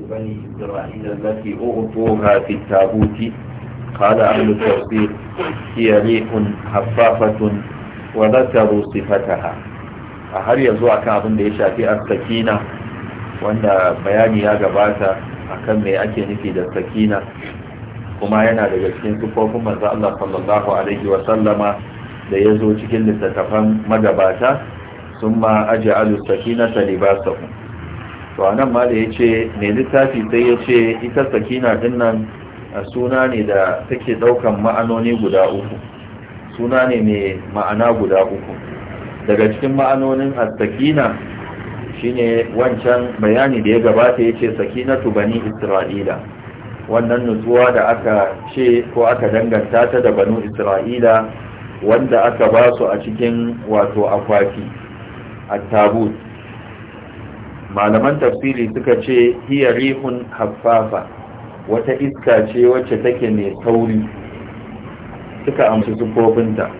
بني إسرائيل التي أغطوها في التابوت قال أهل التفسير هي ريح حفافة وذكروا صفتها a har yanzu akan abin da ya shafi as-sakina wanda bayani ya gabata akan me ake nufi da sakina kuma yana daga cikin sufofin manzo Allah sallallahu sallama da yazo cikin littattafan magabata summa aj'alu sakinata libasahum to a nan ma da ya ce mai littafi sai ya ce ita sakina dinnan suna ne da take daukan ma'anoni guda uku suna ne mai ma'ana guda uku daga cikin ma'anonin as-sakina shine wancan bayani da ya gabata ya ce sakinatu bani isra'ila wannan nutsuwa da aka ce ko aka danganta ta da banu isra'ila wanda aka ba su a cikin wato akwati a tabut malaman tafsiri suka ce hiya rihun haffafa wata iska ce wacce take ne sauri suka amsa sufofinta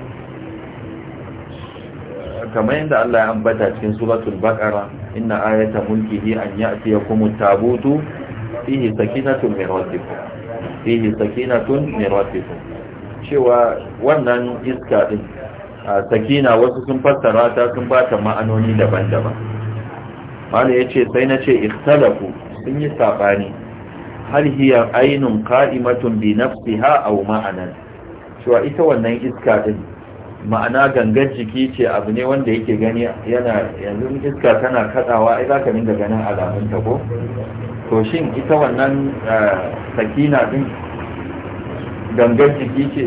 kamar yadda Allah ya ambata cikin suratul baqara inna ayata mulkihi an ya'tiyakum at-tabutu fihi sakinatun min rabbikum fihi sakinatun min rabbikum cewa wannan iska din sakina wasu sun fassara ta sun bata ma'anoni daban-daban mana ya ce sai na ce ikhtalafu sun yi saɓani har hiya ainun ka'imatun bi nafsiha aw ma'anan cewa ita wannan iska din ma'ana gangan jiki ce abu ne wanda yake gani yana yanzu iska tana kadawa ai ka dinga ganin alamun ta ko to shin ita wannan eh, sakina din gangan jiki ce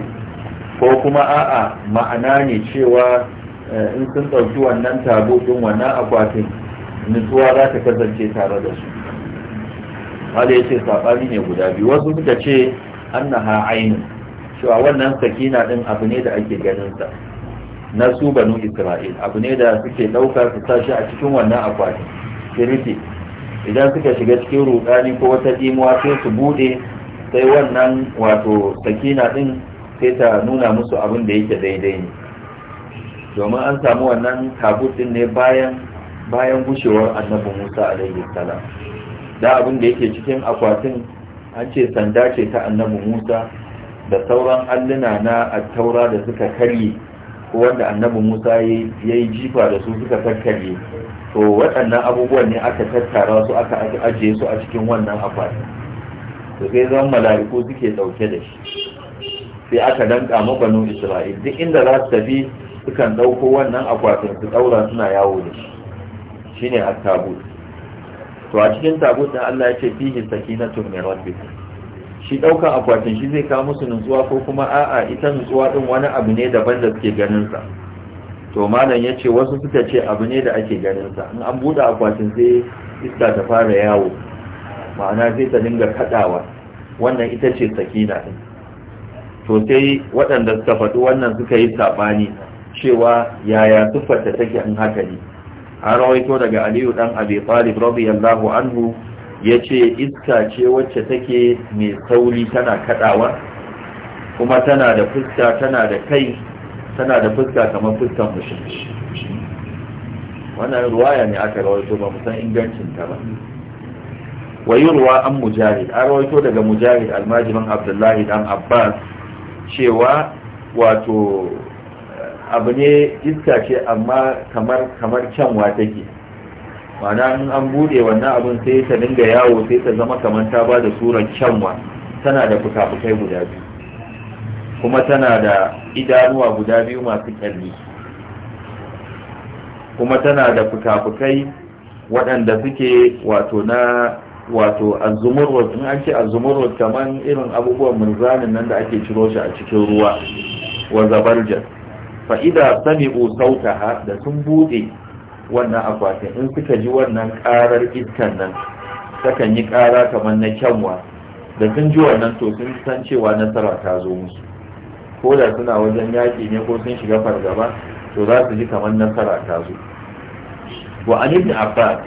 ko kuma a'a ma'ana ne cewa eh, in sun ɗauki wannan tabo ɗin wannan akwatin nutsuwa za ta kasance tare da su wanda ya ce saɓani ne guda biyu wasu suka ce an na ha'ainin cewa wannan sakina ɗin abu ne da ake ganinsa na su banu isra'il abu ne da suke ɗauka su tashi a cikin wannan akwatin shiriki idan suka shiga cikin rudani ko wata ɗimuwa sai su buɗe sai wannan wato sakina ɗin sai ta nuna musu abin da yake daidai ne domin an samu wannan tabut ɗin ne bayan bayan gushewar annabi Musa alaihi salam da abin da yake cikin akwatin an ce sanda ce ta annabi Musa da sauran alluna na taura da suka karye wanda annabi Musa ya yi jifa da su suka karkarye to waɗannan abubuwan ne aka tattara su aka ajiye su a cikin wannan akwatin to sai zan mala'iku suke ɗauke da shi sai aka danka mabanin isra'il duk inda za su tafi sukan ɗauko wannan akwatin su ɗaura suna yawo da shi shine at-tabut to a cikin tabut ɗin Allah ya ce fihi sakinatun min rabbik shi ɗaukan akwatin shi zai kawo musu nutsuwa ko kuma a'a ita nutsuwa din wani abu ne daban da suke ganin sa to malam ya ce wasu suka ce abu ne da ake ganinsa, in an buɗe akwatin sai iska ta fara yawo ma'ana sai ta dinga kaɗawa, wannan ita ce sakina din to sai waɗanda suka faɗi wannan suka yi saɓani cewa yaya siffarta take in haka ne an rawaito daga aliyu dan abi talib radiyallahu anhu yace iska ce wacce take mai sauri tana kadawa kuma tana da fuska tana da kai tana da fuska kamar fuskan mushrik wannan ruwaya ne aka rawaito ba mu san ingancin ta ba wayurwa an mujahid an rawaito daga mujahid almajiman abdullahi dan abbas cewa wato abu ne iska ce amma kamar kamar kyanwa take ma'ana in an bude wannan abun sai ta dinga yawo sai ta zama kamar ta ba da surar kyanwa tana da fuka-fukai guda biyu kuma tana da idanuwa guda biyu masu kyalli kuma tana da fuka-fukai waɗanda suke wato na wato azumurrot in an ce azumurrot kamar irin abubuwan murzanin nan da ake ciro shi a cikin ruwa wa zabarjar fa'ida sami'u sautaha da sun buɗe wannan akwatin in suka ji wannan ƙarar iskan nan takan yi ƙara kamar na kyanwa da sun ji wannan to sun san cewa nasara ta zo musu ko da suna wajen yaƙi ne ko sun shiga fargaba to za su ji kamar nasara ta zo wa an ibn abbas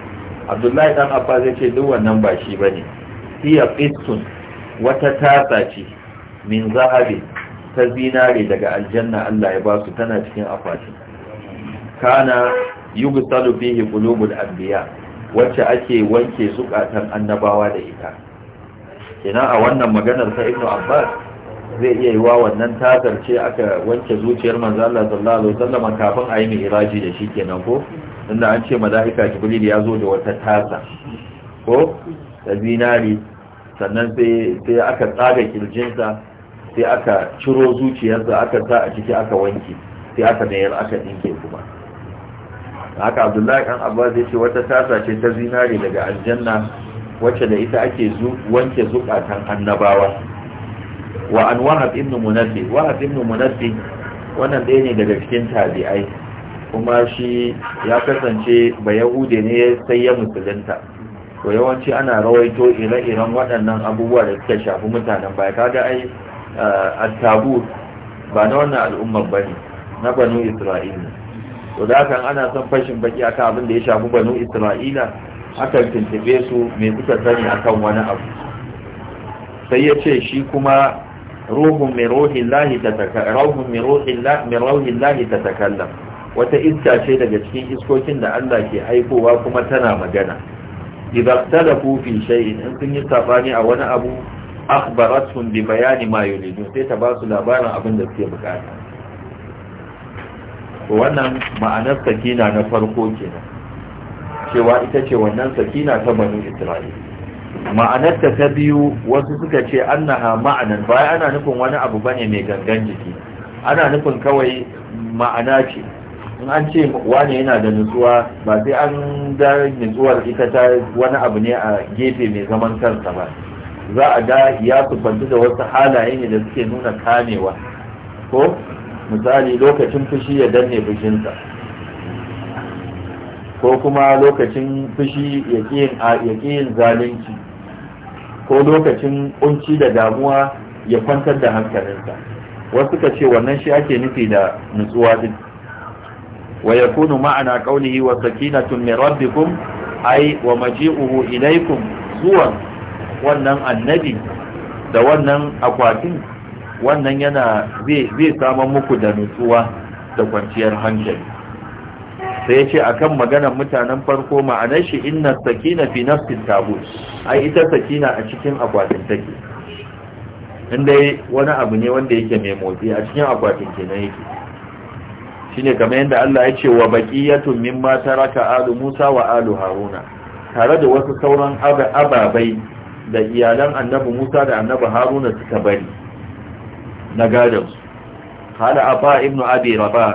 abdullahi dan abbas ce duk wannan ba shi bane hiya qissun wata tasa ce min zahabi ta zinare daga aljanna Allah ya ba su tana cikin akwati kana yugsalu fihi qulubul anbiya wacce ake wanke zukatan annabawa da ita kenan a wannan maganar ta ibnu Abbas zai iya yiwa wannan tasar ce aka wanke zuciyar manzo Allah sallallahu alaihi wasallam kafin a yi mi'raji da shi kenan ko inda an ce malaika Jibril ya zo da wata tasa ko da zinari sannan sai aka tsaga kirjinsa sai aka ciro zuciyarsa aka sa a ciki aka wanke sai aka mayar aka ɗinke kuma haka abdullahi ɗan abbas ya ce wata tasa ce ta zinare daga aljanna wacce da ita ake wanke zukatan annabawa wa an wahab ibn munabbi wahab ibn munafi wannan ɗaya ne daga cikin tabi'ai kuma shi ya kasance ba yahude ne sai ya musulunta to yawanci ana rawaito ire-iren waɗannan abubuwa da suka shafi mutanen baya kaga ai tabur ba na wannan al'ummar ba ne na banu isra'ila to da haka ana son fashin baki akan abin da ya shafi banu isra'ila aka tuntube su mai suka sani akan wani abu sai ya ce shi kuma ruhun mai ruhin lahi ta takallam wata iska ce daga cikin iskokin da Allah ke aikowa kuma tana magana idan da fi shay'in in sun yi sabani a wani abu akhbaratun bi bayani ma yuridu sai ta ba su labarin abin da suke bukata to wannan ma'anar sakina na farko kenan cewa ita ce wannan sakina ta banu isra'ila ma'anarta ta biyu wasu suka ce annaha ma'anan bayan ana nufin wani abu bane mai gangan jiki ana nufin kawai ma'ana ce in an ce wani yana da nutsuwa ba sai an da nutsuwar ita ta wani abu ne a gefe mai zaman kansa ba za a ga ya kubantu da wasu halaye ne da suke nuna kamewa ko misali lokacin fushi ya danne fushinsa ko kuma lokacin fushi ya ƙi yin zalunci ko lokacin kunci da damuwa ya kwantar da hankalinsa wasu ka ce wannan shi ake nufi da nutsuwa din wa yakunu ma'ana qawlihi wa sakinatun min rabbikum ay wa maji'uhu ilaykum zuwan wannan annabi da wannan akwatin wannan yana zai samun muku da nutsuwa da kwanciyar hankali sai ya ce a kan maganar mutanen farko ma'anar shi inna sakina fi nafsin tabu ai ita sakina a cikin akwatin take inda wani abu ne wanda yake mai motsi a cikin akwatin kenan yake Shi ne kamar yadda Allah ya ce wa ya tummin mata raka alu Musa wa alu Haruna tare da wasu sauran ababai da iyalan annabi Musa da annabi Haruna suka bari na gadon su hala abba ibn abi rabah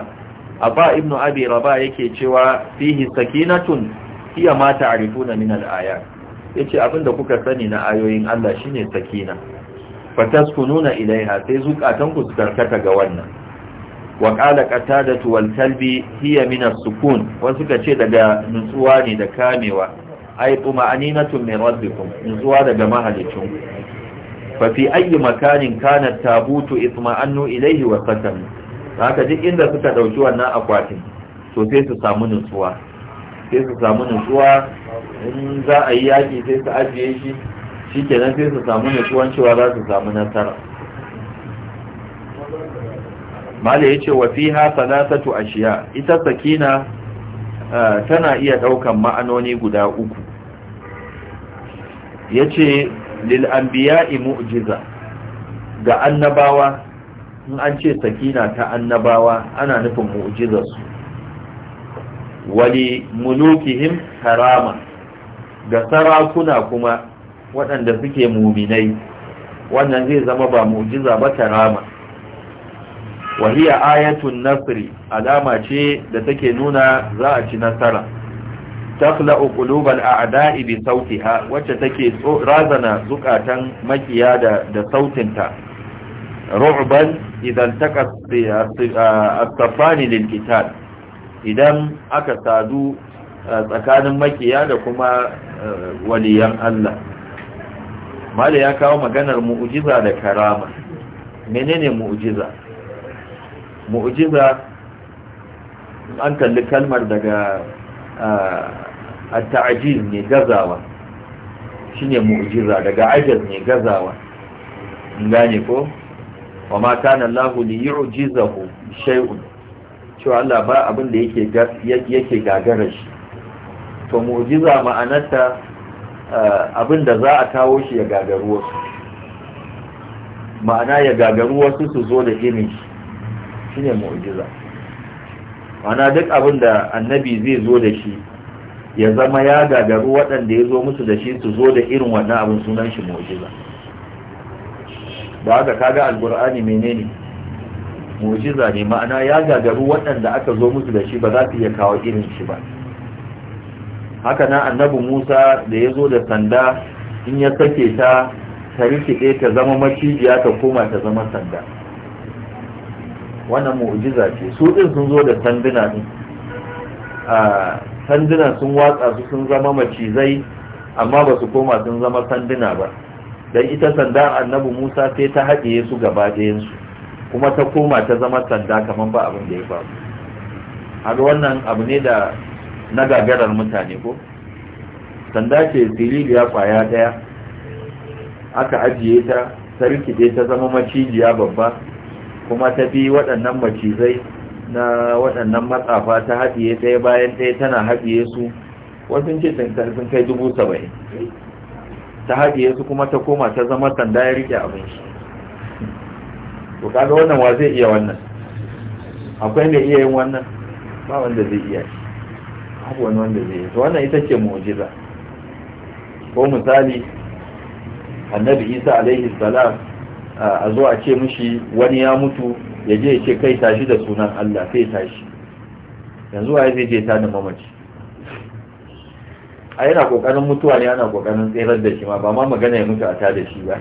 abba ibn abi rabah yake cewa fihi sakinatun hiya ma ta'rifuna min al-ayat yace abinda kuka sani na ayoyin Allah shine sakina fataskununa ilaiha sai zukatan ku karkata ga wannan wa qala qatadatu wal kalbi hiya min as-sukun wasu kace daga nutsuwa ne da kamewa ay tuma'aninatun min rabbikum zuwa daga mahalicin fa fi ayi makanin kana tabutu itma'annu ilayhi wa qatan haka duk inda suka dauki wannan akwatin to sai su samu nutsuwa sai su samu nutsuwa in za a yi yaki sai su ajiye shi shikenan sai su samu nutsuwan cewa za su samu nasara mala yace wa fiha salasatu ashiya ita sakina tana iya daukan ma'anoni guda uku yace lil anbiya'i mu'jiza ga annabawa in an ce sakina ta annabawa ana nufin mu'jizar su wali mulukihim harama ga sarakuna kuma waɗanda suke muminai wannan zai zama ba mu'jiza ba karama wahiya ayatun nasri alama ce da take nuna za a ci nasara taqla'u qulubal a'da'i bi sautiha wacce take razana zukatan makiya da da sautinta ru'ban idan taqa as-safani qital idan aka sadu tsakanin makiya da kuma waliyan Allah Mali ya kawo maganar mu'jiza da karama menene mu'jiza mu'jiza an kalli kalmar daga at-ta'jil ne gazawa shine mu'jiza daga ajaz ne gazawa gane ko wa ma kana Allah li yu'jizahu shay'un cewa Allah ba abin da yake yake gagara shi to mu'jiza ma'anarta abin da za a kawo shi ya gagaru wasu ma'ana ya gagaru wasu su zo da irin shi shine mu'jiza ma'ana duk abin da annabi zai zo da shi ya zama ya gagaru waɗanda ya zo musu da shi su zo da irin wannan abin sunan shi mu'jiza Ba haka kaga alkur'ani menene mu'jiza ne ma'ana ya gagaru waɗanda aka zo musu da shi ba za su iya kawo irin shi ba haka na annabi Musa da ya zo da sanda in ya sake ta ta rikide ta zama macijiya ta koma ta zama sanda wannan mu'jiza ce su din sun zo da sanduna ne sanduna sun watsa su sun zama macizai amma ba su koma sun zama sanduna ba don ita sanda annabi musa sai ta haɗiye su gaba ɗayansu kuma ta koma ta zama sanda kamar ba abin da ya faru har wannan abu ne da na gagarar mutane ko sanda ce ya kwaya ɗaya aka ajiye ta ta rikide ta zama macijiya babba kuma ta bi waɗannan macizai na waɗannan matsafa ta haɗiye ɗaya bayan ɗaya tana haɗiye su wasu ce sun kai dubu saba'in ta haɗiye su kuma ta koma ta zama sanda ya rike abin shi to kaga wannan wa zai iya wannan akwai mai iya yin wannan ba wanda zai iya shi babu wani wanda zai yi to wannan ita ce mu'jiza ko misali annabi isa alaihi salam a zo a ce mishi wani ya mutu ya je ya ce kai tashi da sunan Allah sai tashi yanzu waye zai je ta da mamaci a yana kokarin mutuwa ne ana kokarin tserar da shi ma ba ma magana ya mutu a ta da shi ba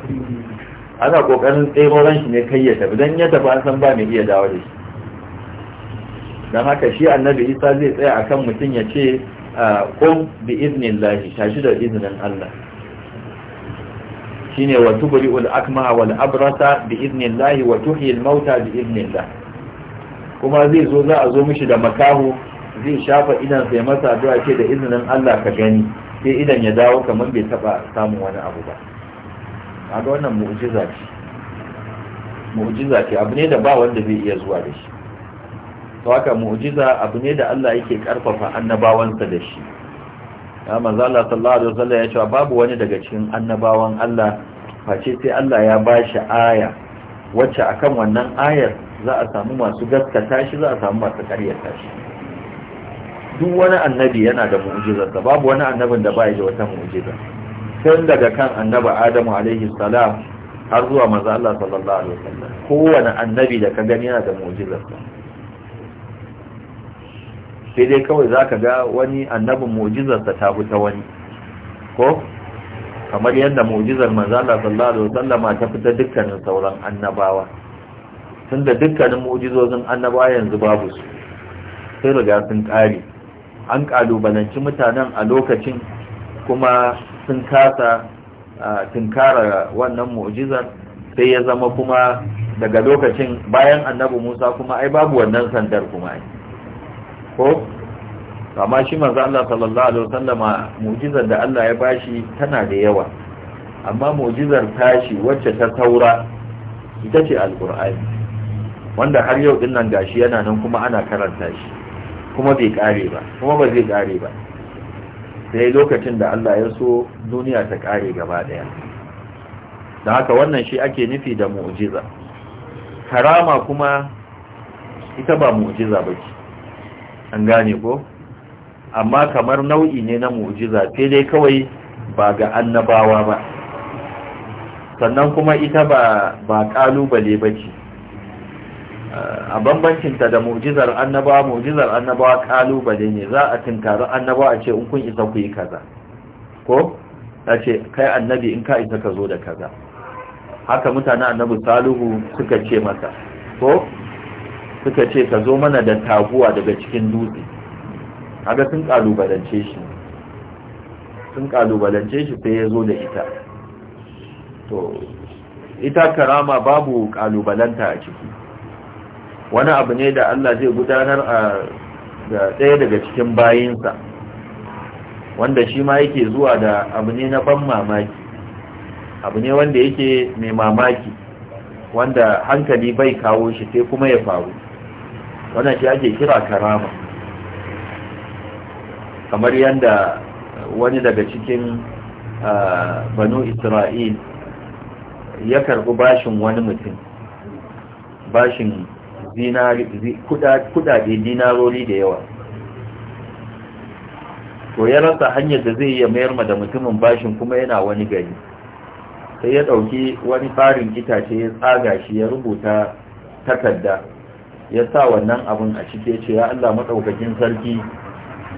ana kokarin tseroran shi ne kai ya tafi don ya tafi an san ba mai iya dawo da shi don haka shi annabi isa zai tsaya akan mutum ya ce kun ah, bi iznin lahi tashi da iznin Allah shine wa tubri'ul akmaha wal abrasa bi idnillahi wa tuhyil mauta bi idnillah kuma zai zo za a zo mishi da makaho zai shafa idan sai masa addu'a ce da izinin Allah ka gani sai idan ya dawo kamar bai taba samun wani abu ba A ga wannan mu'jiza ce mu'jiza ce abu ne da ba wanda zai iya zuwa da shi to haka mu'jiza abu ne da Allah yake karfafa annabawansa da shi ya manzo sallallahu alaihi wasallam ya ce babu wani daga cikin annabawan Allah face sai Allah ya bashi aya wacce akan wannan ayar za a samu masu gaskata shi za a samu masu karyata shi duk wani annabi yana da mu'jizarsa babu wani annabin da bai da wata mu'jiza tun daga kan annabi Adamu alaihi salam har zuwa manzo Allah sallallahu alaihi wasallam kowane annabi da ka gani yana da mu'jizarsa sai dai kawai za ka ga wani annabin mu'jizarsa ta fi ta wani ko kamar yadda mu'jizar manzala sallallahu alaihi wasallam ta fita dukkanin sauran annabawa tunda dukkanin mu'jizozin annaba yanzu babu su sai riga sun kare an kalubalanci mutanen a lokacin kuma sun kasa tunkara wannan mu'jizar sai ya zama kuma daga lokacin bayan annabi Musa kuma ai babu wannan sandar kuma ai ko amma shi manzo Allah sallallahu alaihi wasallama mu'jizar da Allah ya bashi tana da yawa amma mu'jizar tashi wacce ta taura ita ce alqur'ani wanda har yau din nan gashi yana nan kuma ana karanta shi kuma bai kare ba kuma ba zai kare ba sai lokacin da Allah ya so duniya ta kare gaba daya da haka wannan shi ake nufi da mu'jiza karama kuma ita ba mu'jiza bace an gane ko amma kamar nau'i ne na mu'jiza sai dai kawai ba ga annabawa ba sannan kuma ita ba ba kalubale ce a bambancinta da mu'jizar annabawa mu'jizar annabawa kalubale ne za a tunkari annabawa ce in kun isa ku yi kaza ko ta ce kai annabi in ka isa ka zo da kaza haka mutane annabi saluhu suka ce masa ko suka ce ka zo mana da taguwa daga cikin dutse kaga sun kalubalance shi sun kalubalance shi sai ya zo da ita to ita karama babu kalubalanta a ciki wani abu ne da Allah zai gudanar a da ɗaya daga cikin bayinsa wanda shi ma yake zuwa da abu ne na ban mamaki abu ne wanda yake mai mamaki wanda hankali bai kawo shi sai kuma ya faru wannan shi ake kira karama kamar yadda wani daga cikin ah, banu isra'il ya karbi bashin wani mutum bashin kudade dinarori da yawa to ya rasa hanyar da zai iya mayar da mutumin bashin kuma yana wani gari sai ya ɗauki wani farin itace ya tsaga shi ya rubuta takarda ya sa wannan abin a cike ce ya Allah maɗaukakin sarki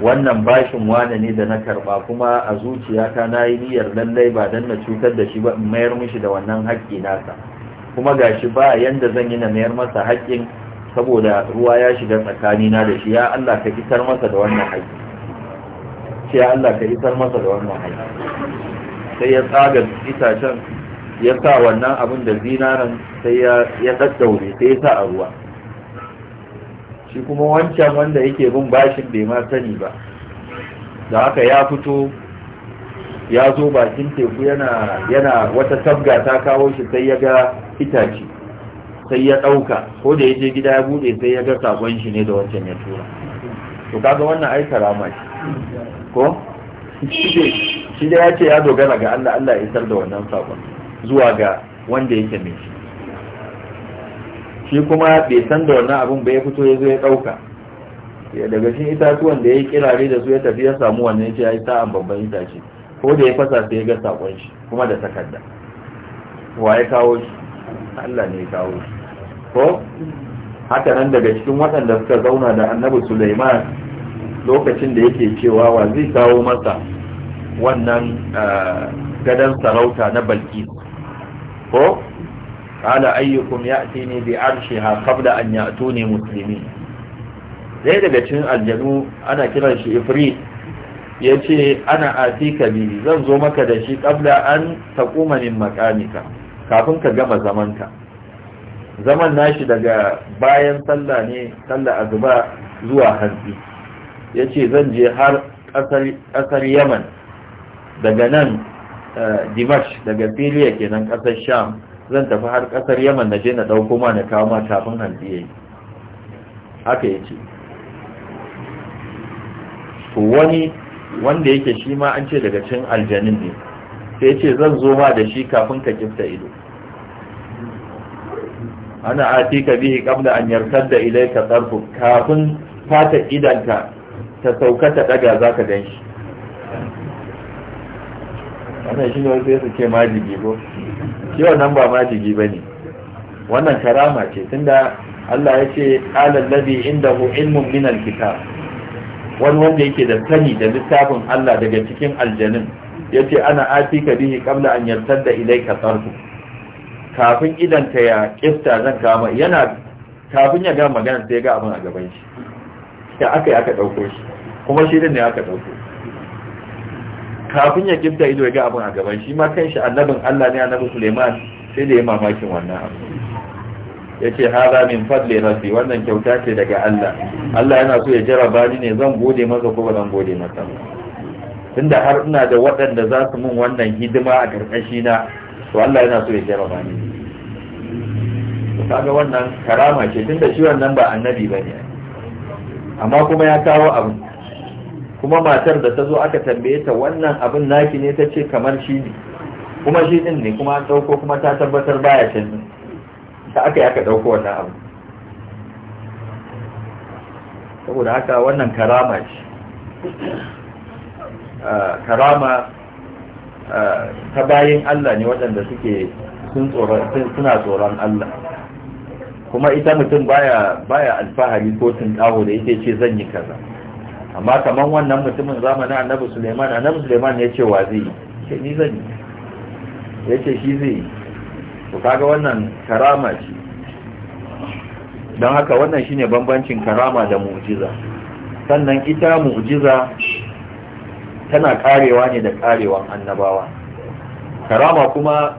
wannan bashin wane ne da na karɓa kuma a zuciyata na yi niyyar lallai ba don na cutar da shi ba in mayar mishi da wannan haƙƙi nasa kuma ga shi ba yanda zan yi na mayar masa haƙƙin saboda ruwa ya shiga tsakanina da shi ya Allah ka isar masa da wannan haƙƙi ce ya Allah ka isar masa da wannan haƙƙi sai ya tsaga itacen ya sa wannan abin da zinaran sai ya daddaure sai ya sa a ruwa shi kuma wancan wanda yake bin bashin bai ma sani ba da haka ya fito ya zo bakin teku yana wata tabga ta kawo shi sai ya ga itace sai ya ɗauka ko da ya je gida ya buɗe sai ya ga sakon shi ne da wancan ya tura to kaga wannan ai karama shi ko shi da ya ce ya dogara ga Allah Allah ya isar da wannan sakon zuwa ga wanda yake mai shi shi kuma bai san da wannan abin ba ya fito ya zo ya ɗauka daga cikin itatuwan da ya yi kirare da su ya tafi ya samu wannan shi ya yi sa'an babban itace ko da ya fasa sai ya ga saƙon shi kuma da takarda wa ya kawo shi Allah ne ya kawo shi ko haka nan daga cikin waɗanda suka zauna da annabi Suleiman lokacin da yake cewa wa zai kawo masa wannan eh, gadon sarauta na Balkis ko qala ayyukum ya'tini bi arshiha qabla an ya'tuni muslimin dai daga cikin aljanu ana kiran shi ifri yace ana atika bi zan zo maka da shi qabla an taquma min makanika kafin ka gama zamanka zaman nashi daga bayan sallah ne sallah azuba zuwa hanzi yace zan je har kasar yaman daga nan dimash daga filiya kenan kasar sham zan tafi har kasar yaman na je na ɗauko ma na kawo ma kafin hantsi ya yi haka ya ce wani wanda yake shi ma an ce daga cikin aljanin ne sai ce zan zo ma da shi kafin ka kifta ido ana atika bihi qabla an ilai ilayka tarfuk kafin fata idanka ta sauka ta daga zaka ganshi wannan shi ne wasu su ce majigi ko shi wannan ba majigi ba ne wannan karama ce tunda Allah ya ce alal ladhi indahu ilmun min alkitab wani wanda yake da sani da littafin Allah daga cikin aljanin yace ana atika bihi qabla an yartada ilayka tarfu kafin idan ta ya kifta zan kama yana kafin ya ga magana sai ga abin a gaban shi ta aka yi aka dauko shi kuma shi din ne aka dauko kafin ya gifta ido ya ga abin a gaban shi ma kan shi annabin Allah ne annabi Suleiman sai da ya mamakin wannan abu Ya ce hada min fadli rabbi wannan kyauta ce daga Allah Allah yana so ya jaraba ni ne zan gode masa ko ba zan gode masa tunda har ina da waɗanda za su min wannan hidima a karkashi na to Allah yana so ya jaraba ni kaga wannan karama ce tunda shi wannan ba annabi bane amma kuma ya kawo abu kuma matar da ta zo aka tambaye ta wannan abin naki ne ta ce kamar shi ne kuma shi din ne kuma an ɗauko kuma ta tabbatar baya ne ta aka yi aka ɗauko wannan abu saboda haka wannan karama ce ah, karama ah, ta bayin Allah ne waɗanda suke suna tsoron Allah kuma ita mutum baya alfahari ko tun da yake ce zan yi kaza amma kamar wannan mutumin zamanin annabi suleiman annabi suleiman ya ce wa zai ce ni zan ya ce shi zai yi to kaga wannan karama ce don haka wannan shine bambancin karama da mu'jiza sannan ita mu'jiza tana karewa ne da karewan annabawa karama kuma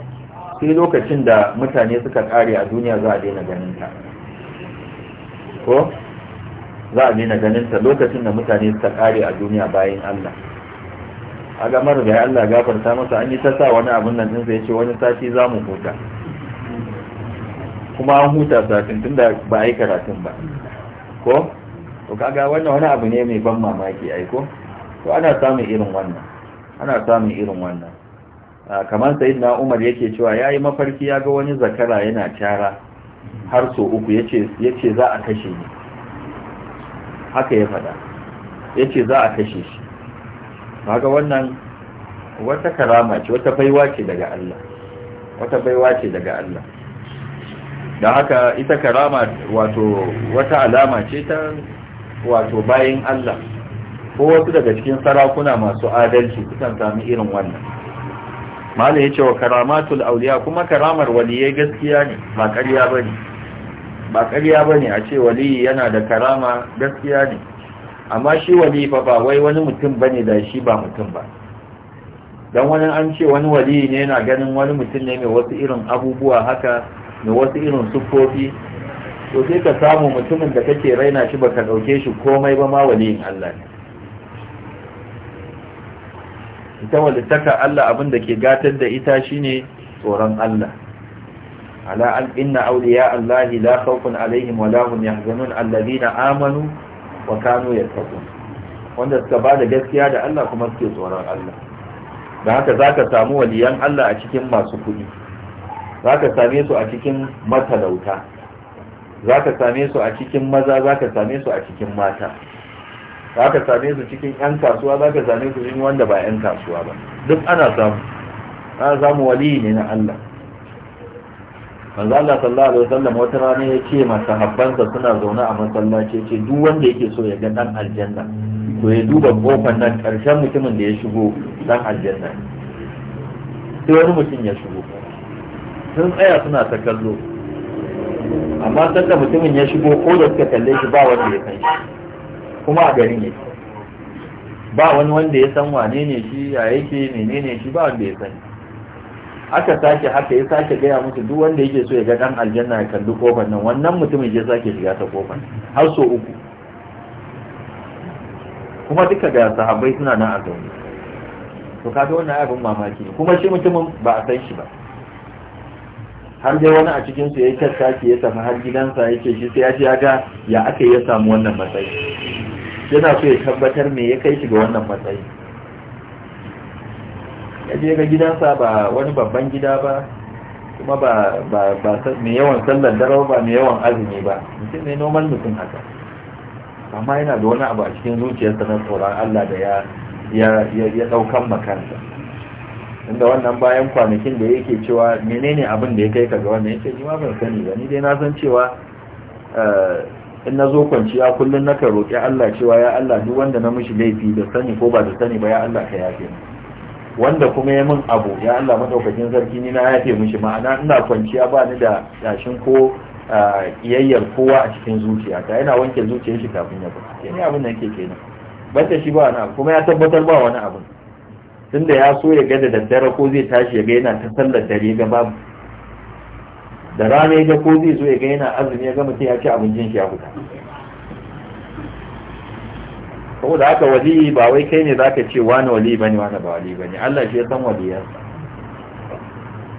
sai lokacin da mutane suka kare a duniya za a daina ganin ta ko za a daina ganin ta lokacin da mutane suka kare a duniya bayan Allah a gamar da Allah gafarta masa an yi ta sa wani abin nan din sai ce wani sati za mu huta kuma an huta satin da ba a yi karatun ba ko to kaga wannan wani abu ne mai ban mamaki ai ko to ana samun irin wannan ana samun irin wannan kamar na Umar yake cewa yayi mafarki ya ga wani zakara yana tara har so uku yace yace za a kashe ni haka ya faɗa ya ce za a kashe shi ga wannan wata karama ce wata baiwa ce daga Allah wata baiwa ce daga Allah da haka ita karama wato wata alama ce ta wato bayin Allah ko wasu daga cikin sarakuna masu adalci sukan sami irin wannan Malam ya ce wa karamatul auliya kuma karamar waliyai gaskiya ne ba karya ba ne ba ƙarya ba ne a ce wali yana da karama gaskiya ne amma shi wali fa ba wai wani mutum ba ne da shi ba mutum ba don wani an ce wani wali ne yana ganin wani mutum ne mai wasu irin abubuwa haka mai wasu irin sufofi to sai ka samu mutumin da kake raina shi ba ka ɗauke shi komai ba ma waliyin Allah ne ita walittaka Allah abin da ke gatar da ita shine tsoron Allah على إن أولياء الله لا خوف عليهم ولا هم يحزنون الذين آمنوا وكانوا يتقون wanda suka ba da gaskiya da Allah kuma suke tsoron Allah da haka za ka samu waliyan Allah a cikin masu kuɗi za ka same su a cikin matalauta za ka same su a cikin maza za ka same su a cikin mata za ka same su cikin 'yan kasuwa za ka same su cikin wanda ba 'yan kasuwa ba duk ana samu ana samu waliyi ne na Allah manzo Allah sallallahu alaihi wasallam wata rana ya ce masahabbansa suna zaune a masallaci ce duk wanda yake so ya ga dan aljanna to ya duba kofar nan karshen mutumin da ya shigo dan aljanna sai wani mutum ya shigo sun tsaya suna ta kallo amma sanda mutumin ya shigo ko da suka kalle shi ba wanda ya san shi kuma a garin yake ba wani wanda ya san wane ne shi ya yake menene shi ba wanda ya san shi aka sake haka ya sake gaya musu duk wanda yake so ya ga dan aljanna ya kalli kofar nan wannan mutumin ya sake shiga ta kofar har so uku kuma duka ga sahabbai suna nan a zaune to kaga wannan abin mamaki ne kuma shi mutumin ba a san shi ba har dai wani a cikin su yayi tattaki ya tafi har gidansa yake shi sai ya ji ya ga ya aka ya samu wannan matsayi yana so ya tabbatar me ya kai shi ga wannan matsayi ya je ga gidansa ba wani babban gida ba kuma ba mai yawan sallar dare ba mai yawan azumi ba mutum ne normal mutum haka amma yana da wani abu a cikin zuciyarsa na tsoron Allah da ya ya daukan makansa inda wannan bayan kwanakin da yake cewa menene abin da ya kai ka ga wannan yace ni ma ban sani ba ni dai na san cewa eh, in na zo kwanciya kullum na roƙi Allah cewa ya Allah duk wanda na mishi laifi da sani ko ba da sani ba ya Allah ka yafe ni wanda kuma ya min abu ya Allah madaukakin sarki ni na yafe mishi ma'ana ina kwanciya ba ni da yashin ko iyayyar kowa a cikin zuciya ta yana wanke zuciyar shi kafin ya fita ne abin da yake kenan bata shi ba wani abu kuma ya tabbatar ba wani abu tunda ya so ya ga da daddare ko zai tashi ya ga yana ta sallar dare ga babu da rana ya ga ko zai zo ya ga yana azumi ya ga mutum ya ci abincin shi ya fita saboda haka wali ba wai kai ne zaka ce wani wali bane wani ba wali bane Allah shi ya san waliyarsa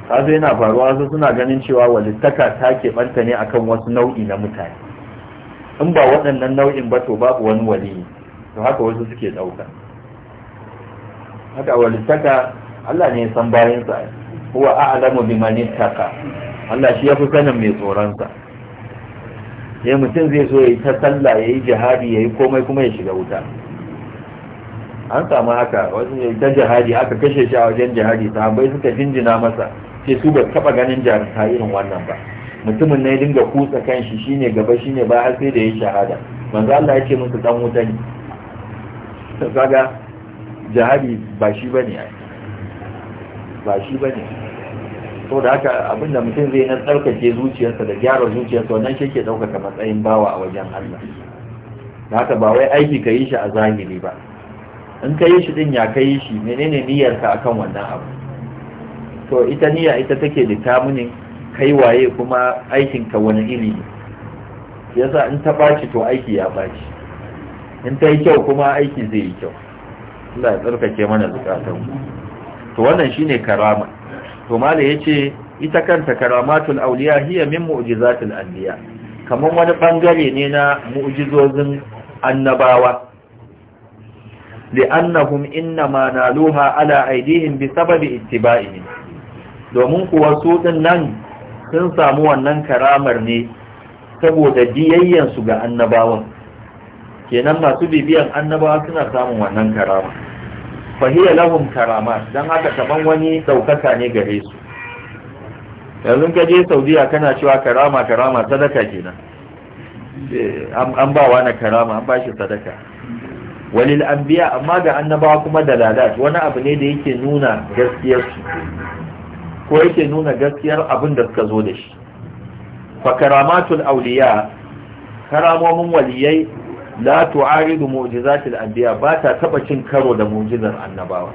zai yana faruwa su suna ganin cewa walittaka ta keɓanta ne akan wasu nau'i na mutane in ba waɗannan nau'in ba to babu wani wali to haka wasu suke ɗauka haka walittaka Allah ne ya san bayansa huwa a'lamu biman ittaqa Allah shi ya fi sanin mai tsoron sa ya mutum zai so ya yi ta sallah ya yi jihadi ya yi komai kuma ya shiga wuta an samu haka wasu ya ta jihadi aka kashe shi a wajen jihadi sahabbai suka jinjina masa sai su ba taba ganin jarumta irin wannan ba mutumin na ya dinga kutsa kan shi shine gaba shine ba har sai da ya shahada manzo Allah ya ce musu dan wuta ne kaga jihadi ba shi bane ba shi bane so da haka abinda mutum zai na tsarkake zuciyarsa da gyara zuciyarsa wannan shi ke ɗaukaka matsayin bawa a wajen Allah da haka ba wai aiki ka yi shi a zahiri ba in ka yi shi din ya ka yi shi menene niyyarka akan wannan abu to ita niyya ita take determining kai waye kuma aikin ka wani iri ne yasa in ta ɓaci to aiki ya ɓaci in ta yi kyau kuma aiki zai yi kyau Allah ya tsarkake mana zukatan to wannan shine karama to ya yace ita kanta karamatul auliya hiya min mu'jizatil anbiya kaman wani bangare ne na mu'jizozin annabawa li'annahum innama naluha ala aidihim bi sababi ittiba'ihim domin kuwa su din nan sun samu wannan karamar ne saboda biyayyansu ga annabawan kenan masu bibiyan annabawa suna samun wannan karama fahiya lahum karama dan haka kaman wani saukaka ne gare su yanzu ka je saudiya kana cewa karama karama sadaka kenan eh, an ba wani karama an ba shi sadaka walil anbiya amma ga annabawa kuma dalalat wani abu ne da yake nuna gaskiyar su ko yake nuna gaskiyar abin da suka zo da shi fa karamatul awliya karamomin waliyai la tu'aridu mu'jizatil anbiya ba ta taba cin karo da mu'jizar annabawa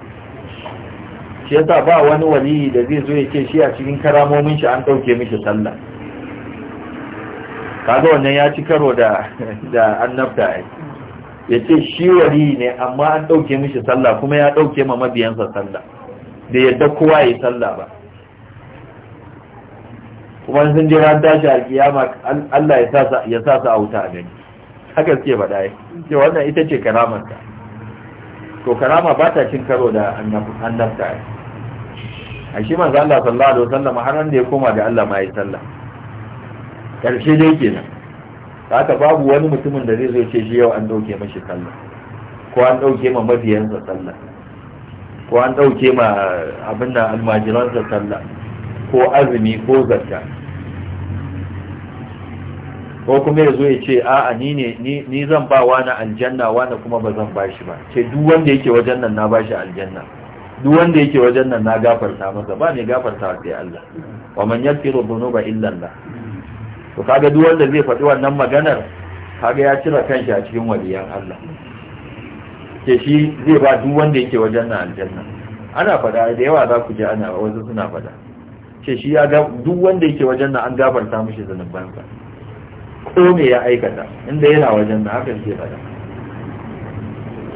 shi yasa ba wani waliyi da zai zo ya ce shi a cikin karamomin shi an dauke mishi sallah kaga wannan ya ci karo da da annabta ai ya shi wali ne amma an dauke mishi sallah kuma ya dauke ma mabiyansa sallah da yadda kowa ya sallah ba kuma sun jira tashi a kiyama Allah ya sa su a wuta a gani haka suke faɗa yi ce wannan ita ce karamarta to karama ba ta cin karo da annabta yi a shi manzo Allah sallallahu alaihi wasallam har da ya koma da Allah ma yi sallah karshe dai kenan haka babu wani mutumin da zai zo ce shi yau an dauke mashi sallah ko an dauke ma mabiyansa sallah ko an dauke ma abin da almajiransa sallah ko azumi ko zakka ko kuma ya zo ya ce a'a ni ne ni zan ba wani aljanna wani kuma ba zan bashi ba ce duk wanda yake wajen nan na bashi aljanna duk wanda yake wajen nan na gafarta masa ba ne gafarta sai Allah wa man yaghfiru dhunuba illa Allah to kaga duk wanda zai faɗi wannan maganar kaga ya cire kanshi a cikin waliyan Allah ke shi zai ba duk wanda yake wajen nan aljanna ana faɗa da yawa za ku ji ana wasu suna faɗa ce shi ya ga duk wanda yake wajen nan an gafarta mishi zanubansa ko me ya aikata inda yana wajen na hakan ke faɗa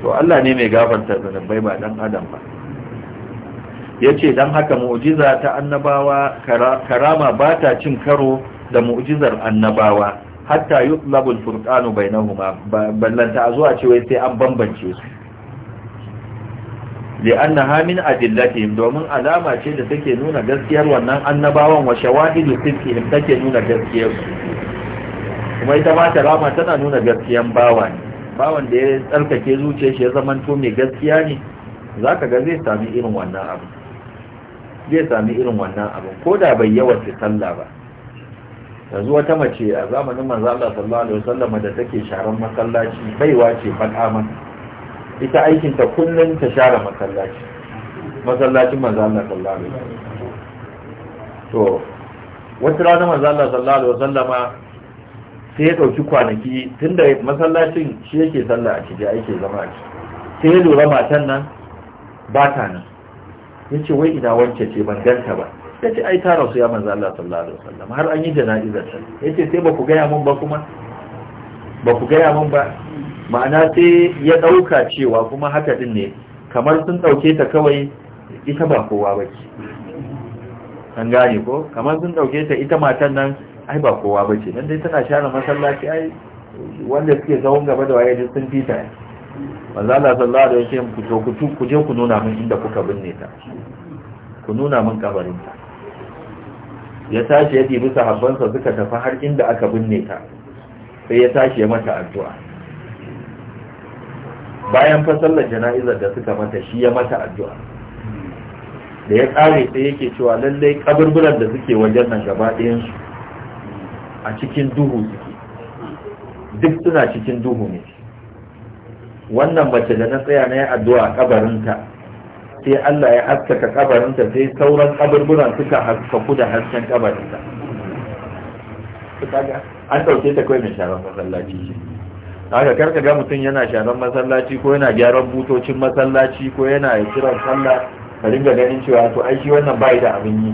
to Allah ne mai gafarta bai ba dan adam ba yace dan haka mu'jiza ta annabawa karama ba ta cin karo da mu'jizar annabawa hatta yutlabul furqanu bainahuma ballanta a zuwa cewa sai an bambance su li'annaha min adillatihim domin alama ce da take nuna gaskiyar wannan annabawan wa shawahidu sidqihim take nuna gaskiyar su Wai ta mata rama tana nuna gaskiyan bawa ne bawan da ya tsarkake zuce shi ya to mai gaskiya ne Za ka ga zai sami irin wannan abu zai sami irin wannan abu ko da bai yawaita sallah ba yanzu wata mace a zamanin manzo Allah sallallahu alaihi wasallam da take sharan masallaci baiwa ce baka man ita aikin ta kullun ta share masallaci masallacin manzo Allah sallallahu alaihi wasallam to wata rana manzo Allah sallallahu alaihi wasallama sai ya ɗauki kwanaki tun da masallacin shi yake sallah a ciki ake zama a ciki sai ya lura matan nan ba ta nan ya ce wai ina wance ce ban ganta ba ya ce ai ta rasu ya manzo Allah sallallahu alaihi wasallam har an yi jana'izar ta ya ce sai ba ku gaya mun ba kuma ba ku gaya mun ba ma'ana sai ya ɗauka cewa kuma haka din ne kamar sun ɗauke ta kawai ita ba kowa ba ce an gane ko kamar sun ɗauke ta ita matan nan ai ba kowa ba ce dai tana share masallaci ai wanda suke zaun gaba da waye sun fita ne manzo Allah sallallahu alaihi wasallam ku to ku ku je ku nuna min inda kuka binne ta ku nuna min kabarin ta ya tashi ya dibi sa suka tafi har inda aka binne ta sai ya tashi ya mata addu'a bayan fa sallar jana'izar da suka mata shi ya mata addu'a da ya kare sai yake cewa lallai kaburburan da suke wajen nan gaba ɗayan su a cikin duhu suke duk suna cikin duhu ne wannan mace da na tsaya na yi addu'a a kabarinta sai Allah ya haskaka kabarinta sai sauran kaburburan suka haskaku da hasken kabarinta an ɗauke ta kawai mai sharan masallaci haka karka ga mutum yana sharan masallaci ko yana gyaran butocin masallaci ko yana kiran sallah ka ringa ganin cewa to ai shi wannan bai da abin yi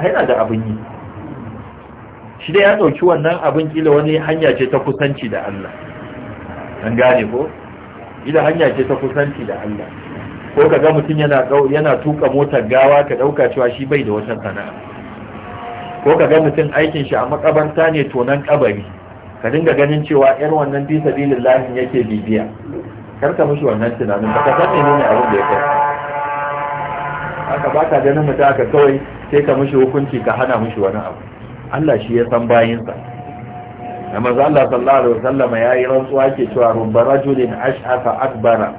ai yana da abin yi shi dai ya ɗauki wannan abin kila wani hanya ce ta kusanci da Allah an gane ko ila hanya ce ta kusanci da Allah ko ka ga mutum yana yana tuka motar gawa ka dauka cewa shi bai da wata sana'a ko ka ga mutum aikin shi a makabarta ne tonan kabari ka dinga ganin cewa yar wannan fi sabilillahi yake bibiya kar ka mushi wannan tunanin ba ka san menene abin da ya kai haka ba ka ganin mutum aka kawai sai ka mushi hukunci ka hana mushi wani abu Allah shi ya san bayinsa da maza Allah sallallahu alaihi wasallam ya yi rantsuwa ke cewa rumba rajulin ash'afa akbara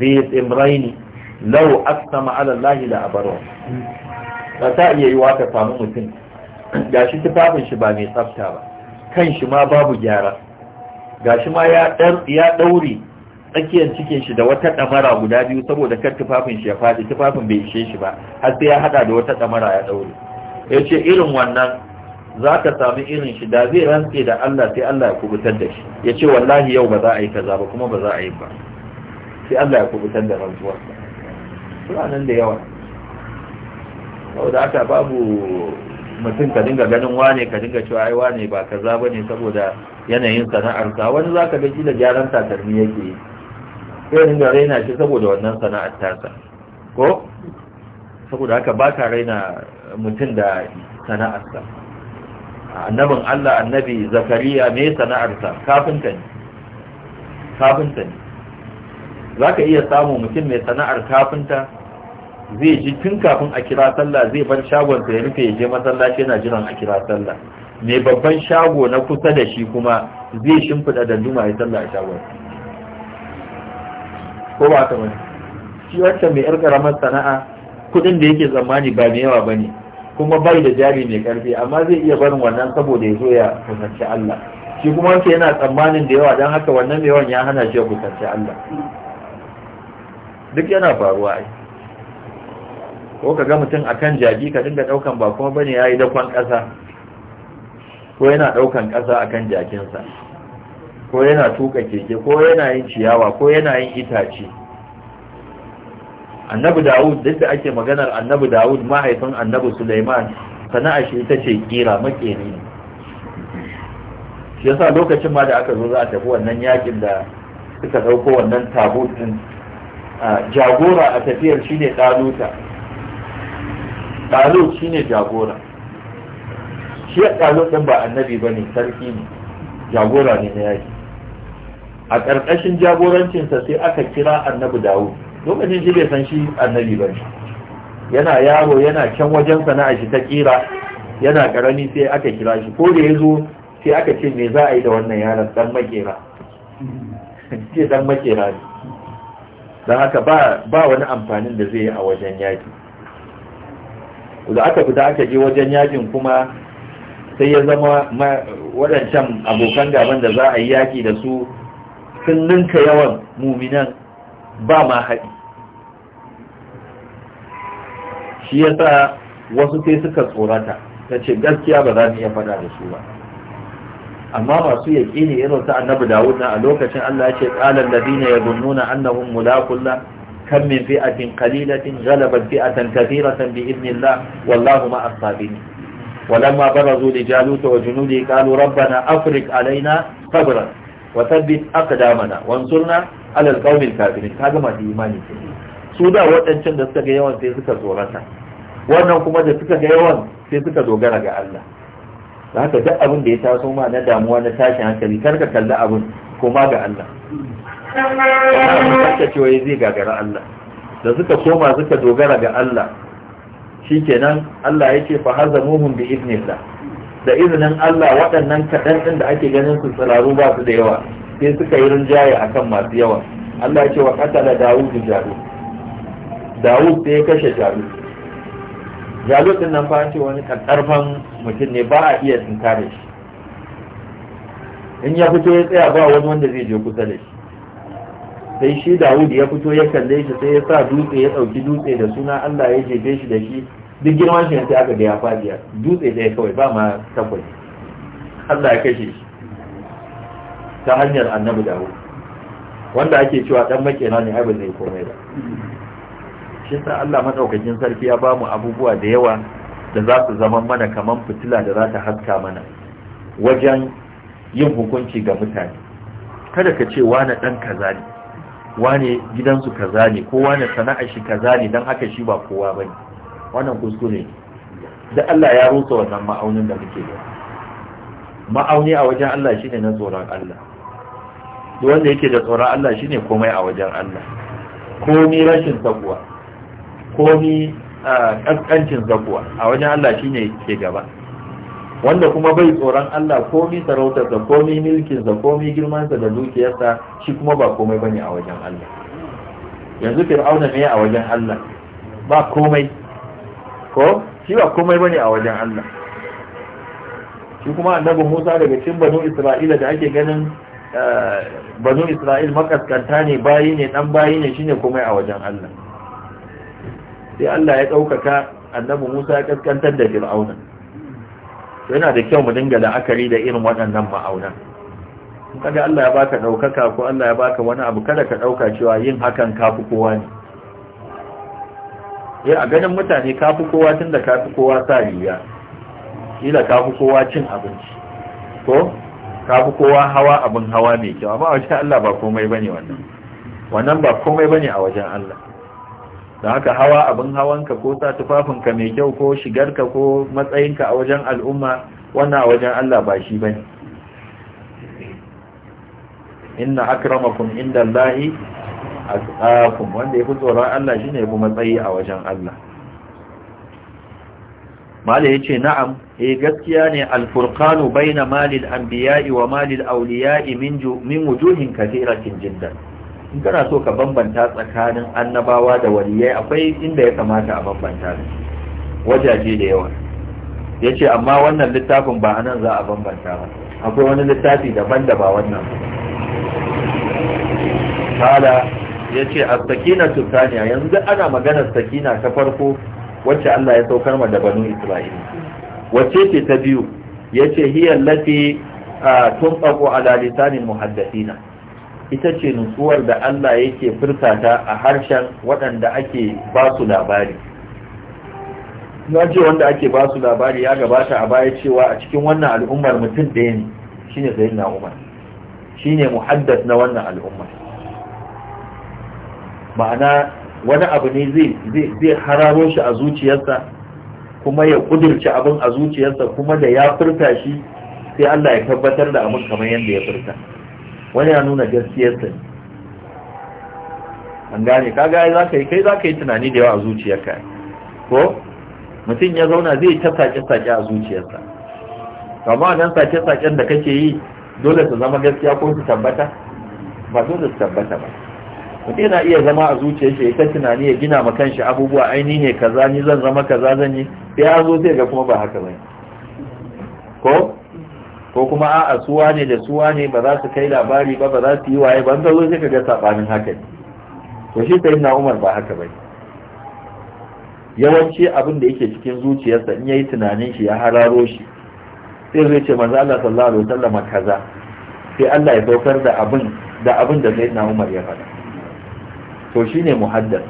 zai tsimraini lau aqsama ala Allah da abarwa ba ta iya yi wata samu mutum Ga shi tufafin shi ba mai tsafta ba kan shi ma babu gyara Ga shi ma ya ɗauri tsakiyar cikin shi da wata ɗamara guda biyu saboda kar tufafin shi ya faɗi tufafin bai ishe shi ba har sai ya haɗa da wata ɗamara ya ɗaure Ya ce irin wannan za ka sami irin shi da zai rantse da Allah sai Allah ya kubutar da shi ya ce wallahi yau ba za a yi kaza ba kuma ba za a yi ba sai Allah ya kubutar da rantsuwar suna nan da yawa saboda haka babu mutum ka dinga ganin wane ka dinga cewa ai wane ba kaza ba ne saboda yanayin sana'arsa wani za ka ga da gyaran takalmi yake yi sai dinga raina shi saboda wannan sana'ar tasa ko saboda haka ba ka raina mutum da sana'arsa annabin Allah annabi zakariya me sana'arsa kafinta ne kafinta ne za ka iya samu mutum mai sana'ar kafinta zai ji tun kafin a kira sallah zai bar shagonsa ya rufe ya je masallaci yana jiran a kira sallah mai babban shago na kusa da shi kuma zai shimfiɗa danduma ya sallah a shagon ko ba ta wani shi wacce mai yar karamar sana'a kudin da yake zamani ba mai yawa ba ne kuma bai da jari mai karfi amma zai iya barin wannan saboda ya zo ya kusanci Allah shi kuma wanke yana tsammanin da yawa don haka wannan mai yawan ya hana shi ya kusanci Allah duk yana faruwa ai ko ka ga mutum a kan jaki ka dinga daukan ba kuma bane yi dakon kasa ko yana daukan kasa kan jakinsa ko yana tuka keke ko yana yin ciyawa ko yana yin itace annabi dawud duk da ake maganar annabi dawud mahaifin annabi suleiman sana'a shi ita ce kira makeri ne shi yasa lokacin ma da aka zo za a tafi wannan yakin da suka dauko wannan tabut din jagora a tafiyar shine daluta dalut shine jagora shi dalu din ba annabi bane sarki ne jagora ne na yaki a ƙarƙashin jagorancinsa sai aka kira annabi dawud lokacin shi bai san shi annabi ba yana yaro yana can wajen sana'a shi ta kira yana karami sai aka kira shi ko da ya zo sai aka ce me za a yi da wannan yaron dan makera ce dan makera ne don haka ba wani amfanin da zai yi a wajen yaki da aka fita aka je wajen yakin kuma sai ya zama waɗancan abokan gaban da za a yi yaki da su sun ninka yawan muminan ba ma haɗi shi yasa wasu sai suka tsorata ta ce gaskiya ba za mu iya faɗa da su ba amma masu yaƙi ne irin su annabi dawud na a lokacin allah ya ce ƙalar ladina ya gunnuna annahum mulakulla kan min fi'atin qalilatin ghalabat fi'atan kathiratan bi Ibnillah wallahu ma as-sabirin ولما برزوا لجالوت وجنوده قالوا ربنا أفرق علينا صبرا wa tabbit aqdamana wansurna ala alqawmil kafirin kaga ma da imani su da waɗancan da suka ga yawan sai suka tsorata wannan kuma da suka ga yawan sai suka dogara ga Allah da haka duk abin da ya taso ma na damuwa na tashin hankali karka ka kalli abin kuma ga Allah ka cewa zai gagara Allah da suka koma suka dogara ga Allah shikenan Allah ya ce fa hazamuhum bi idnillah da izinin Allah waɗannan kaɗan ɗin da ake ganin su tsararru ba su da yawa sai suka yi rinjaye akan masu yawa Allah ce wa da Dawud Jalut Dawud sai ya kashe Jalut Jalut ɗin nan fa ce wani ƙarfan mutum ne ba a iya tsinta da shi in ya fito ya tsaya ba wani wanda zai je kusa da shi sai shi Dawud ya fito ya kalle shi sai ya sa dutse ya ɗauki dutse da suna Allah ya jefe shi da shi duk girman shi sai aka da ya fadiya dutse ɗaya kawai ba ma takwai Allah ya kashe shi ta hanyar annabi dawo wanda ake cewa dan makera ne ai ba zai komai ba shi sa Allah madaukakin sarki ya bamu abubuwa da yawa da za su zama mana kamar fitila da za ta haska mana wajen yin hukunci ga mutane kada ka ce wani dan kaza ne wane gidansu kaza ne ko wane sana'ar shi kaza ne don haka shi ba kowa bane wannan kuskure da Allah ya rusa wannan ma'aunin da muke da ma'auni a wajen Allah shine na tsoron Allah duk wanda yake da tsoron Allah shine komai a wajen Allah komai rashin ko komai kaskancin zabuwa a wajen Allah shine ke gaba wanda kuma bai tsoron Allah komai sarautarsa komai milkinsa komai girmansa da dukiyarsa shi kuma ba komai bane a wajen Allah yanzu fir'auna ne a wajen Allah ba komai ko shi ba komai bane a wajen Allah shi kuma annabi Musa daga cikin banu Isra'ila da ake ganin eh, banu Isra'il makaskanta ne bayi ne dan bayi ne shine komai a wajen Allah sai Allah ya daukaka annabi Musa ya kaskantar da Fir'auna yana da kyau mu dinga la'akari da irin waɗannan ma'auna. kaga Allah ya baka daukaka ko Allah ya baka wani abu kada ka dauka cewa yin hakan kafi kowa ne ya a ganin mutane kafi kowa tun da kafi kowa sa yuya kila kafi kowa cin abinci ko kafi kowa hawa abin hawa mai kyau amma a wajen Allah ba komai bane wannan wannan ba komai bane a wajen Allah don haka hawa abin hawanka ko sa tufafinka mai kyau ko shigarka ko matsayinka a wajen al'umma wannan a wajen Allah ba shi bane inna akramakum indallahi. atqakum wanda yafi tsoron Allah shine yafi matsayi a wajen Allah mala yace na'am eh gaskiya ne al-furqanu baina malil anbiya'i wa malil awliya'i min min wujuhin kathiratin jiddan in kana so ka bambanta tsakanin annabawa da waliyai akwai inda ya kamata a bambanta su wajaje da yawa yace amma wannan littafin ba anan za a bambanta ba akwai wani littafi daban da ba wannan kala ya ce a sakina tutaniya yanzu duk ana maganar sakina ta farko wacce Allah ya saukar ma da banu Isra'ila wacce ce ta biyu ya ce hiya a tunqaqu ala lisanil muhaddathina ita ce nutsuwar da Allah yake furtata a harshen waɗanda ake ba su labari na ce wanda ake ba su labari ya gabata a baya cewa a cikin wannan al'ummar mutum ɗaya ne shine sayyidina Umar shine muhaddas na wannan al'ummar ma'ana wani abu ne zai hararo shi a zuciyarsa kuma ya kudirce abin a zuciyarsa kuma da ya furta shi sai Allah ya tabbatar da abin kamar yadda ya furta wani ya nuna gaskiyarsa ne an gane kaga za ka yi kai za ka yi tunani da yawa a zuciyarka ko mutum ya zauna zai ta sake-sake a zuciyarsa kama nan sake-saken da kake yi dole su zama gaskiya ko su tabbata ba dole su tabbata ba mutum yana iya zama a zuciya shi ta tunani ya gina ma kanshi abubuwa aini ne kaza ni zan zama kaza zan yi sai ya zo zai ga kuma ba haka bane ko ko kuma a'a suwa ne da suwa ne ba za su kai labari ba ba za su yi waye ba, zan zo sai ka ga sabanin haka ne to shi sai na Umar ba haka bane yawanci abin da yake cikin zuciyarsa in yayi tunanin shi ya hararo shi sai zai ce manzo Allah sallallahu alaihi wasallam kaza sai Allah ya saukar da abin da abin da sai na Umar ya faɗa to shi ne muhaddas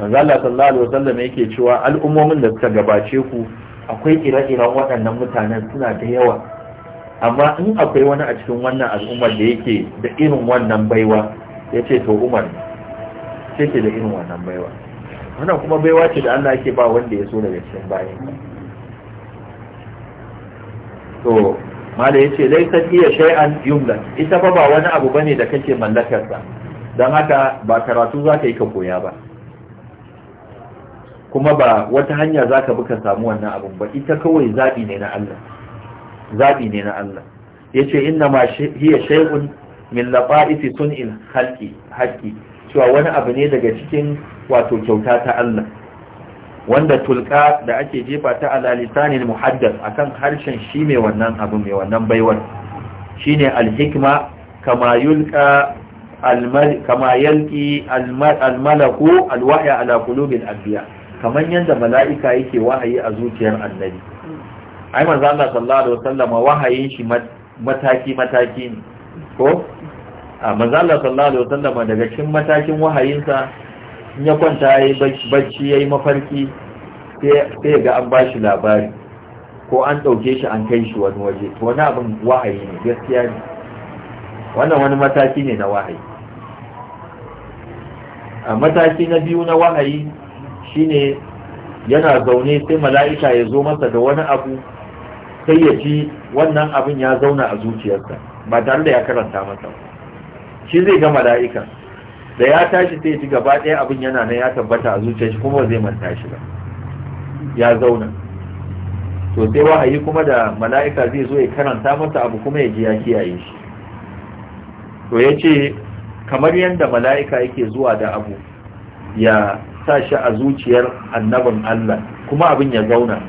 manzo Allah sallallahu alaihi wasallam yake cewa al'ummomin da suka gabace ku akwai ire-iren waɗannan mutanen suna da yawa amma in akwai wani a cikin wannan al'ummar da yake da irin wannan baiwa ya ce to umar ce ke da irin wannan baiwa wannan kuma baiwa ce da Allah yake ba wanda ya so daga cikin bayan to mala ya ce laisar iya shay'an yumlan ita fa ba wani abu bane da kake mallakarsa don haka ba karatu za ka yi ka koya ba kuma ba wata hanya za ka bi ka samu wannan abin ba ita kawai zaɓi ne na Allah zaɓi ne na Allah ya ce inna ma hiya shay'un min laqa'ifi sun'il halqi haqqi cewa wani abu ne daga cikin wato kyauta ta Allah wanda tulka da ake jefa ta ala lisanil a akan harshen shi mai wannan abu mai wannan baiwar shine alhikma kama yulka kama yalki almalaku alwahya ala qulubil anbiya kaman yanda mala'ika yake wahayi a zuciyar annabi ai manzo Allah sallallahu alaihi wasallam wahayin shi mataki mataki ne ko a manzo Allah sallallahu alaihi wasallam daga cikin matakin wahayinsa in ya kwanta yayi bacci yayi mafarki sai ga an bashi labari ko an ɗauke shi an kai shi wani waje to wani abin wahayi ne gaskiya ne wannan wani mataki ne na wahayi a mataki na biyu na wahayi shine yana zaune sai mala'ika ya zo masa da wani abu sai ya ji wannan abin ya zauna a zuciyarsa ba tare da ya karanta masa shi zai ga mala'ika da ya tashi sai ya ji gaba ɗaya abin yana nan ya tabbata a zuciyar shi kuma zai manta shi ba ya zauna to sai wahayi kuma da mala'ika zai zo ya karanta masa abu kuma ya ji ya kiyaye shi to ya ce kamar yadda mala'ika yake zuwa da abu ya sa shi a zuciyar annabin Allah kuma abin ya zauna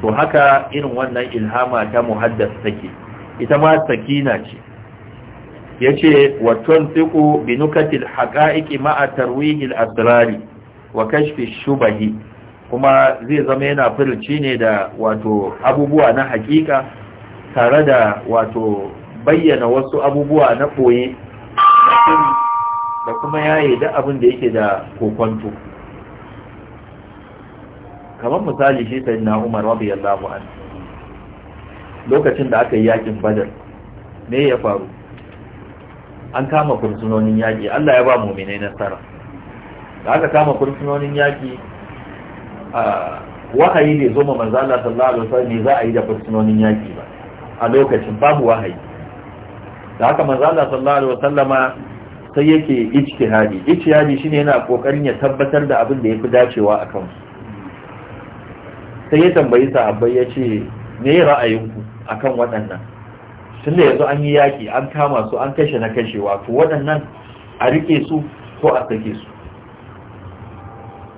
to haka irin wannan ilhama ta muhaddas take ita ma sakina ce yace wa tunfiqu bi nukatil haqa'iqi ma'a tarwihil asrari wa kashfi shubahi kuma zai zama yana furuci ne da wato abubuwa na haƙiƙa, tare da wato bayyana wasu abubuwa na ɓoye. da kuma yi da abin da yake da kokonto kamar misali shi sai na umar radiyallahu anhu lokacin da aka yi yakin badar me ya faru an kama fursunonin yaƙi Allah ya ba muminai nasara da aka kama fursunonin yaƙi a wahayi ne zo ma manzo Allah sallallahu alaihi wasallam ne za a yi da fursunonin yaƙi ba a lokacin babu wahayi da haka manzo Allah sallallahu alaihi wasallama sai yake ijtihadi ijtihadi shine yana kokarin ya tabbatar da abin da yafi dacewa a kansu sai ya tambayi sahabbai ya ce me ra'ayinku akan waɗannan tun da yanzu an yi yaki an kama su an kashe na kashewa to waɗannan a rike su ko a sake su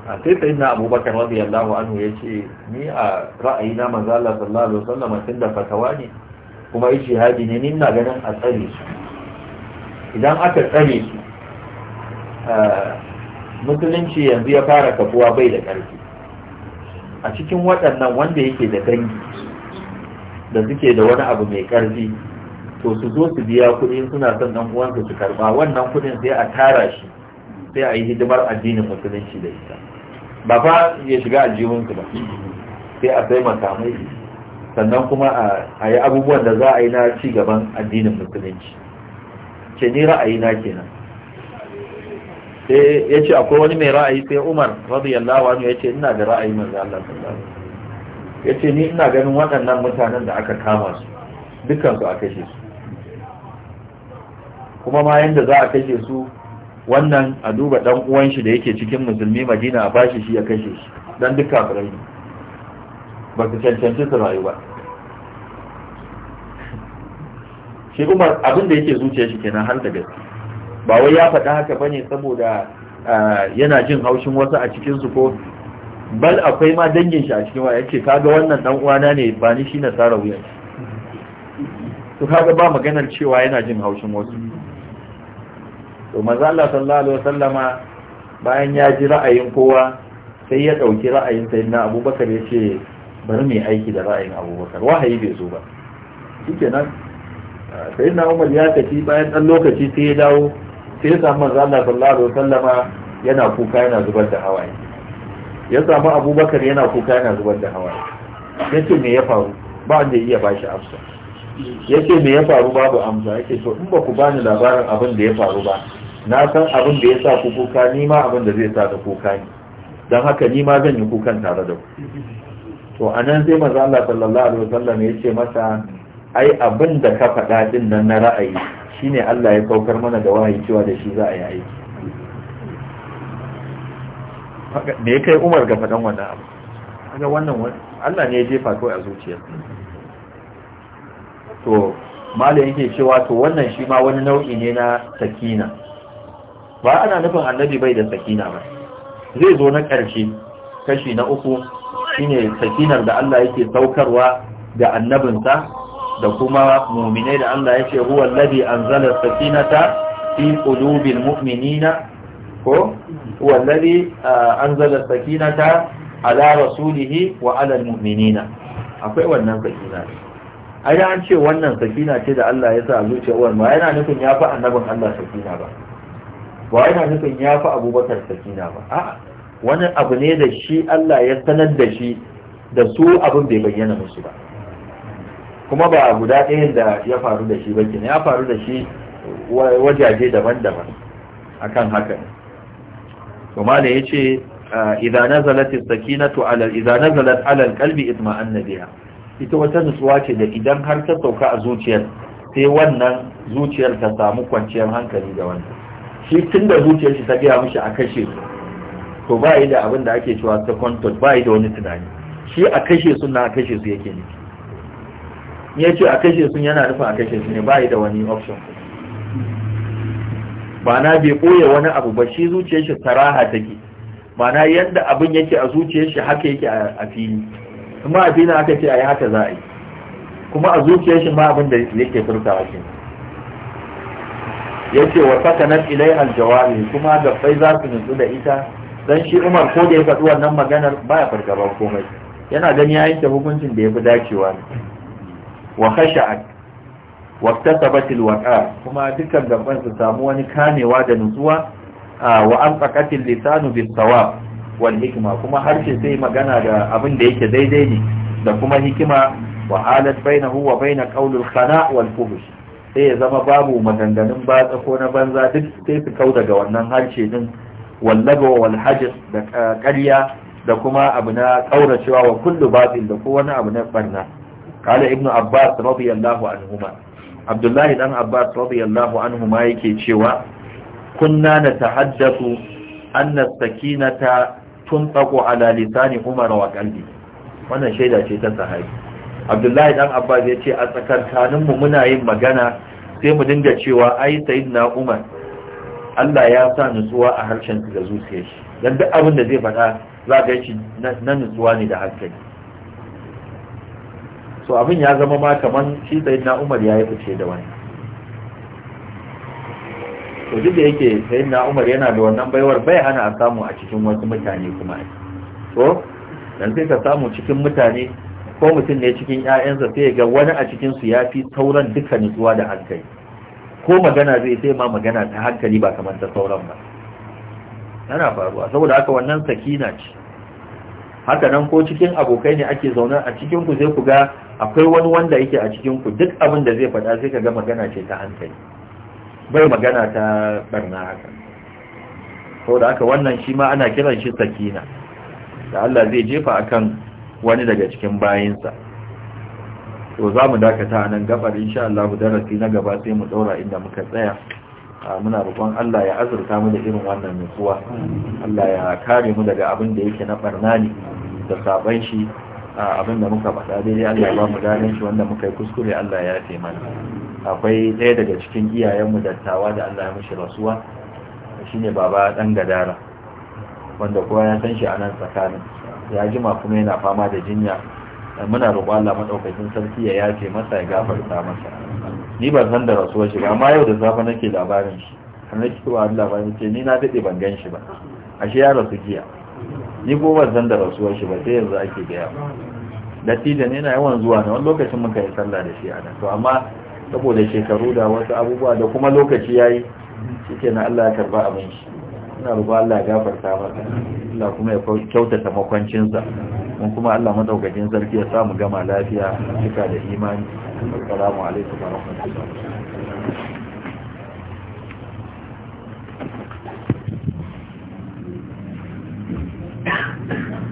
a sai sai na abubakar radiyallahu anhu ya ce ni a ra'ayi na manzo sallallahu alaihi da fatawa ne kuma ishihadi ne nina ganin a tsare su idan aka tsare su eh, musulunci yanzu ya fara kafuwa bai da ƙarfi a cikin waɗannan wanda yake da dangi da suke da wani abu mai ƙarfi to su zo su biya kuɗi suna son ɗan uwansu su karɓa wannan kuɗin sai a tara shi sai a yi hidimar addinin musulunci da ita ba fa ya shiga aljihunsu ba sai a sai makamai sannan kuma a yi abubuwan da za a yi na ci gaban addinin musulunci ce ni ra'ayi na kenan sai ya ce akwai wani mai ra'ayi sai umar radiyallahu anhu ya ce ina da ra'ayi manzo Allah sallallahu ya ce ni ina ganin waɗannan mutanen da aka kama su dukkan su a kashe su kuma ma yanda za a kashe su wannan a duba dan uwan shi da yake cikin musulmi Madina a bashi shi ya kashe shi dan duk ba su cancanci su rayu ba shi umar abin da yake zuciya shi kenan har da gaske ba wai ya faɗa haka bane saboda yana jin haushin wasu a cikin su ko bal akwai ma dangin shi a cikin wa yace kaga wannan dan uwana ne ba ni shi na tsara wuyan to kaga ba maganar cewa yana jin haushin wasu to maza Allah sallallahu alaihi wasallama bayan ya ji ra'ayin kowa sai ya dauki ra'ayin sayyidina Abubakar yace bari mai aiki da ra'ayin abubakar wahayi bai zo ba nan ah, sai na umar ya kaci bayan ɗan lokaci sai ya dawo sai ya samu manzo Allah sallallahu alaihi wasallama yana kuka yana zubar da hawaye ya samu abubakar yana kuka yana zubar da hawaye yace me ya faru ba wanda ya iya bashi amsa yace me ya faru babu amsa yake to in ba ku bani labarin abin da ya faru ba na san abin da ya sa ku kuka ni ma abin da zai sa ka kuka ni don haka ni ma zan yi kukan tare da ku to a nan sai manzo Allah sallallahu alaihi wasallam ya ce masa ai abin da ka faɗa din nan na ra'ayi shine Allah ya saukar mana da wahayi cewa da shi za a yi aiki me ya kai Umar ga faɗan wannan abu kaga wannan Allah ne ya jefa kai a zuciya. to malam yake cewa to wannan shi ma wani nau'i ne na sakina ba ana nufin annabi bai da sakina ba zai zo na ƙarshe kashi na uku shine sakinar da Allah yake saukarwa ga annabinsa da kuma mu'minai da Allah yake huwa alladhi anzala sakinata fi qulubil mu'minina ko huwa alladhi anzala sakinata ala rasulihi wa ala almu'minina akwai wannan sakina ai da an ce wannan sakina ce da Allah ya sa a zuciyar ba yana nufin ya fi annabin Allah sakina ba ba yana nufin ya fi abubakar sakina ba a'a wani abu ne da shi Allah ya sanar da shi da su abin bai bayyana musu ba kuma ba guda ɗaya da ya faru da shi ba ne ya faru da shi wajaje daban-daban akan haka kuma ne ya ce ah, idan nazalat sakinatu alal idan nazalat ala alqalbi itma'anna biha ita wata nutsuwa ce da idan har ta sauka a zuciyar sai wannan zuciyar ta samu kwanciyar hankali da wannan shi tunda zuciyar shi ta gaya mishi a kashe to ba yi da abin da ake cewa second thought ba yi da wani tunani shi a kashe sun na a kashe su yake ne ya ce a kashe sun yana nufin a kashe su ne ba yi da wani option na bai koya wani abu ba shi zuciyar shi saraha take na yadda abin yake a zuciyar shi haka yake a fili kuma a fili haka ce a yi haka za a yi kuma a zuciyar shi ma abin da yake furtawa shi ya ce wa sakanat ilai aljawari kuma gabbai za su nutsu da ita dan shi Umar ko da ya faɗi wannan maganar baya fargaban komai yana gani ya yanke hukuncin da ya fi dacewa ne wa khasha'at wa iktasabatil waqa kuma dukkan gaban su samu wani kanewa da nutsuwa wa anfaqatil lisanu bis sawab wal hikma kuma harshe sai magana da abin da yake daidai ne da kuma hikima wa halat bainahu wa bain qawlil khana wal fuhsh sai ya zama babu maganganun batsa ko na banza duk sai su kau daga wannan harshe din wallaba wa hajj da ƙarya da kuma abu na kauracewa wa kullu batil da ko wani abu na barna qala ibnu abbas radiyallahu anhuma abdullahi dan abbas radiyallahu anhuma yake cewa kunna natahaddathu anna sakinata tunfaqu ala lisani umar wa qalbi wannan shaida ce ta sahabi abdullahi dan abbas yace a tsakankanin mu muna yin magana sai mu dinga cewa ai sayyidina umar Allah ya sa nutsuwa a harshen su da zuciya shi dan duk abin da zai faɗa za ga shi na nutsuwa ne da hankali so abin ya zama ma kaman shi na Umar ya yi fice da wani to duk da yake na Umar yana da wannan baiwar bai hana a samu a cikin wasu mutane kuma to dan sai ka samu cikin mutane ko mutum ne cikin 'ya'yansa sai ga wani a cikin su ya fi sauran duka nutsuwa da hankali ko magana zai sai ma magana ta hankali ba kamar ta sauran ba yana faruwa saboda haka wannan sakina ce haka nan ko cikin abokai ne ake zaune a cikin ku sai ku ga akwai wani wanda yake a cikin ku duk abin da zai faɗa sai ka ga magana ce ta hankali bai magana ta barna haka saboda haka wannan shi ma ana kiran shi sakina da Allah zai jefa akan wani daga cikin bayinsa to za mu dakata a nan gabar insha Allah darasi na gaba sai mu daura inda muka tsaya muna roƙon Allah ya azurta mu da irin wannan nutsuwa Allah ya kare mu daga abin da yake na barna ne da saban shi abin da muka faɗa daidai Allah ya ba mu ganin shi wanda muka yi kuskure Allah ya yafe mana akwai ɗaya daga cikin iyayenmu dattawa da Allah ya mishi rasuwa shine baba dan gadara wanda kowa ya san shi a nan tsakanin ya jima kuma yana fama da jinya muna roƙo Allah madaukakin sarki ya yafe masa ya gafarta masa ni ban san da rasuwar shi ba amma yau da safe nake labarin shi kan nake cewa Allah ba ni ce ni na dade ban gan shi ba ashe ya rasu jiya ni ko ban san da rasuwar shi ba sai yanzu ake gaya dattijan ne na yawan zuwa na wani lokacin muka yi sallah da shi a nan to amma saboda shekaru da wasu abubuwa da kuma lokaci yayi shike na Allah ya karba abin shi ina ruba Allah ya gafarta maka Allah kuma ya kyautata makwancinsa mun kuma Allah madaukakin sarki ya samu gama lafiya cika da imani assalamu alaikum wa